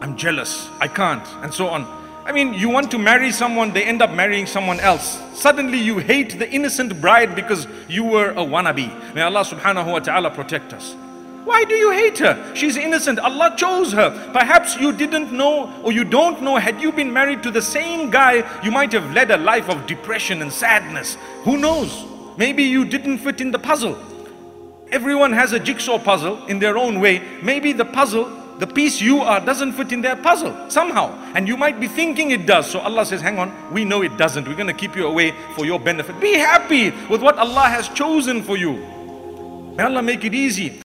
I'm jealous, I can't, and so on. I mean, you want to marry someone, they end up marrying someone else. Suddenly you hate the innocent bride because you were a wannabe. May Allah subhanahu wa ta'ala protect us. Why do you hate her? She's innocent. Allah chose her. Perhaps you didn't know or you don't know, had you been married to the same guy, you might have led a life of depression and sadness. Who knows? Maybe you didn't fit in the puzzle. Everyone has a jigsaw puzzle in their own way. Maybe the puzzle the piece you are doesn't fit in their puzzle somehow. And you might be thinking it does. So Allah says, hang on, we know it doesn't. We're going to keep you away for your benefit. Be happy with what Allah has chosen for you. May Allah make it easy.